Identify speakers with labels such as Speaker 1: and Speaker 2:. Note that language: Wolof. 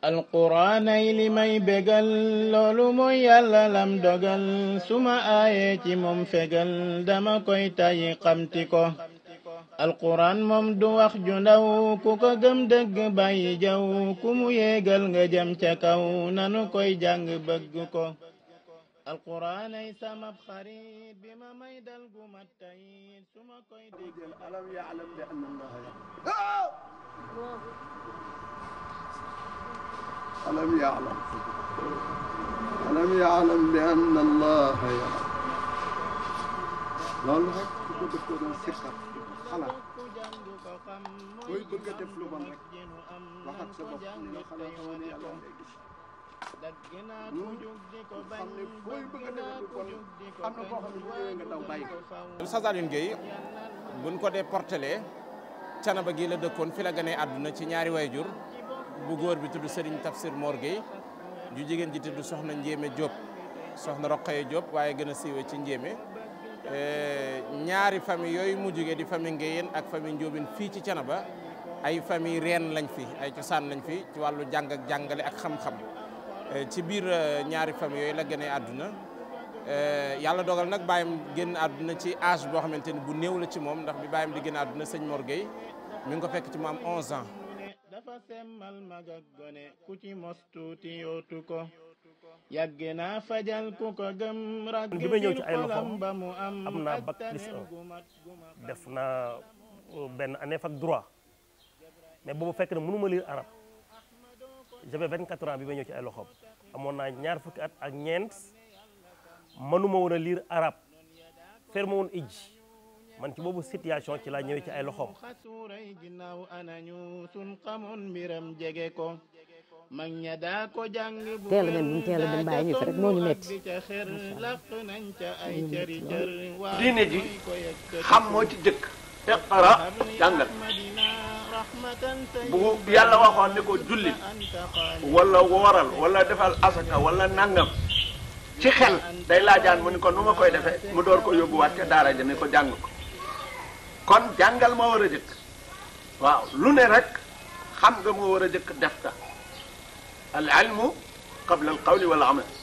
Speaker 1: alquraanay li may bégal loolu mooy yàlla lam dogal suma aayee ci moom fegal dama koy tayi xamti ko alquraan moom du wax ju ndaw ku ko gëm dëgg bàyyi jaw ku mu yéegal nga jëm ca kaw nanu koy jàng bëgg ko alquraanay samab ألم يعلم ألم يعلم بأن الله يعلم loolu rek ku ko def ko doon sikkar xalaat booy bëgg a def lu bon rek waxat sa bopp ni la xalaat xamoon yàlla ngay gis hmm? xam ne booy bëgg a def lu bon am na boo xam ne bu ñëwee nga daw bàyyi
Speaker 2: ko. Sazaline Gueye buñ ko dee portelé canaba gii la dëkkoon fi la gane àdduna ci ñaari waajur bu góor bi tudd Serigne Tafsir Mor Gueye ju jigéen ji tudd Soxna Njéeme jóob Soxna Roqaye Diop waaye gën a siiwee ci Njéeme eh, ñaari famille yooyu mu jógee di famille Ngéyeen ak famille Njóobeen fii ci Canaba ay famille reen lañ fi ay cosaan lañ fi ci wàllu jàng ak jàngale ak xam-xam eh, ci biir eh, ñaari famille yooyu la gënee àdduna yàlla dogal nag bàyyam génn àdduna ci age boo xamante ni bu néew la ci moom ndax bi baayam di génn àdduna sëñ Mor Gueye mi ngi ko fekk ci mu am 11 ans. semmal
Speaker 1: magak gone ku ci mos tuuti yootu ko yàgg naa fajal ku ko gëm rag bi may ñëw ci ay loxo ba mu am am naa bac plus un
Speaker 2: def naa euh, benn année fac droit mais boobu fekk na mënuma lire arab j'avais vingt quatre ans bi may ñëw ci ay loxoom amoon naa ñaar fukki at ak ñeent mënuma woon a lire arab ferma woon ijji man ci boobu situation ci laa ñëwee ci ay loxoom
Speaker 1: xasuuray ginnaaw anañu sun xamoon mbiram jege ko mag ña daa
Speaker 2: ko jàng bu teel a dem bu teel a dem bàyyi ñu fi rek
Speaker 1: ji xam moo ci dëkk iqra jàngal bu
Speaker 2: yàlla waxoon ne ko julli wala wooral wala defal asaka wala nangam ci xel day laajaan mu ni ko nu ma koy defe mu door ko yóbbuwaat ca daara ja ko jàng ko kon jàngal ma war a jëkk waaw lu ne rek xam nga moo war a jëkk def ka al ilmu qabla al qawli wal amal